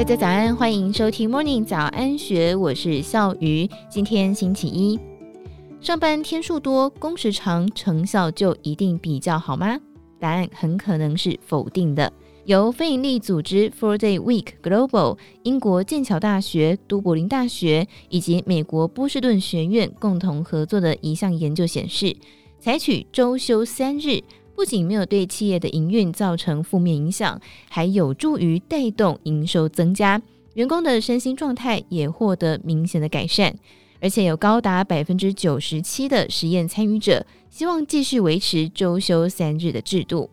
大家早安，歡迎收聽 Morning 早安學，我是笑魚。今天星期一，上班天數多、工時長，成效就一定比較好嗎？答案很可能是否定的。由非營利組織 Four Day Week Global、英國劍橋大學、都柏林大學以及美國波士頓學院共同合作的一項研究顯示，採取周休三日，不僅沒有對企業的營運造成負面影響，還有助於帶動營收增加，員工的身心狀態也獲得明顯的改善，而且有高達百分之九十七的實驗參與者，希望繼續維持周休三日的制度。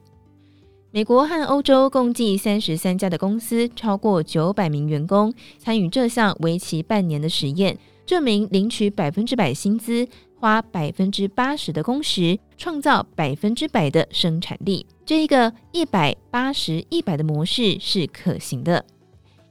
美國和歐洲共計三十三家的公司，超過九百名員工參與這項為期半年的實驗，證明領取百分之百薪資，花百分之八十的工時，創造百分之百的生產力，這一個一百八十一百的模式是可行的。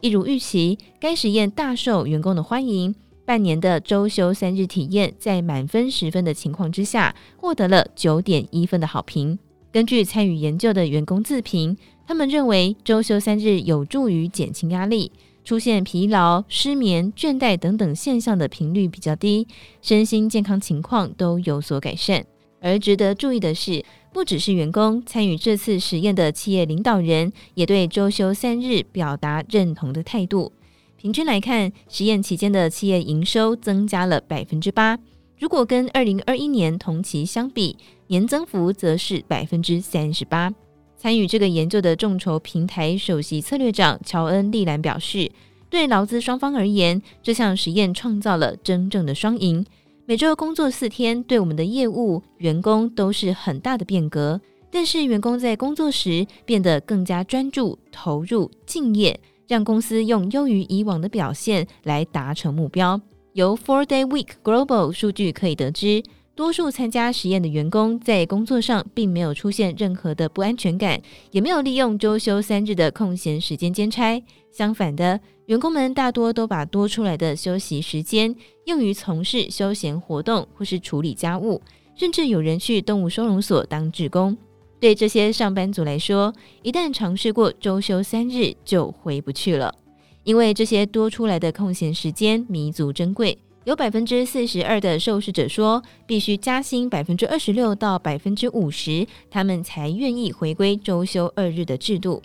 一如預期，該實驗大受員工的歡迎。半年的周休三日體驗，在滿分十分的情況之下，獲得了九點一分的好評。根據參與研究的員工自評，他們認為周休三日有助於減輕壓力。出現疲勞、失眠、倦怠等等現象的頻率比較低，身心健康情況都有所改善。而值得注意的是，不只是員工，參與這次實驗的企業領導人，也對周休三日表達認同的態度。平均來看，實驗期間的企業營收增加了百分之八，如果跟二零二一年同期相比，年增幅則是百分之三十八。參與這個研究的眾籌平台首席策略長喬恩·利蘭表示，對勞資雙方而言，這項實驗創造了真正的雙贏。每周工作四天，對我們的業務員工都是很大的變革，但是員工在工作時變得更加專注、投入、敬業，讓公司用優於以往的表現來達成目標。由 Four Day Week Global 數據可以得知。多數參加實驗的員工在工作上並沒有出現任何的不安全感，也沒有利用周休三日的空閒時間兼差。相反的，員工們大多都把多出來的休息時間用於從事休閒活動或是處理家務，甚至有人去動物收容所當志工。對這些上班族來說，一旦嘗試過周休三日就回不去了，因為這些多出來的空閒時間彌足珍貴。有百分之四十二的受試者說，必須加薪百分之二十六到百分之五十，他們才願意回歸周休二日的制度。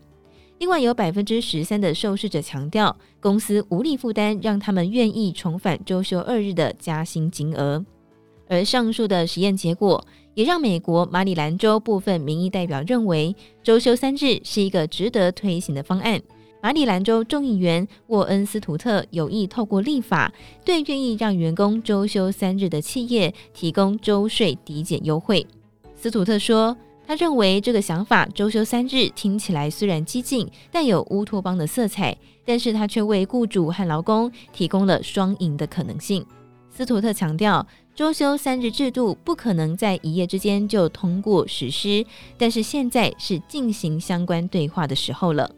另外有13，有百分之十三的受試者強調，公司無力負擔，讓他們願意重返周休二日的加薪金額。而上述的實驗結果，也讓美國馬里蘭州部分民意代表認為，周休三日是一個值得推行的方案。馬里蘭州眾議員沃恩·斯圖特有意透過立法，對願意讓員工周休三日的企業提供州稅抵減優惠。斯圖特說，他認為這個想法周休三日聽起來雖然激進，帶有烏托邦的色彩，但是他卻為僱主和勞工提供了雙贏的可能性。斯圖特強調，周休三日制度不可能在一夜之間就通過實施，但是現在是進行相關對話的時候了。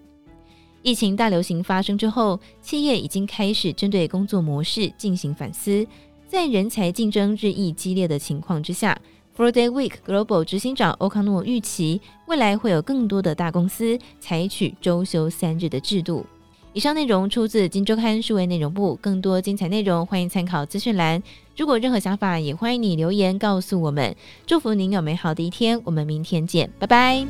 疫情大流行發生之後，企業已經開始針對工作模式進行反思。在人才競爭日益激烈的情況之下，4 Day Week Global 執行長歐康諾預期未來會有更多的大公司採取周休三日的制度。以上內容出自《今周刊》數位內容部，更多精彩內容歡迎參考資訊欄。如果任何想法，也歡迎你留言告訴我們。祝福您有美好的一天，我們明天見，拜拜。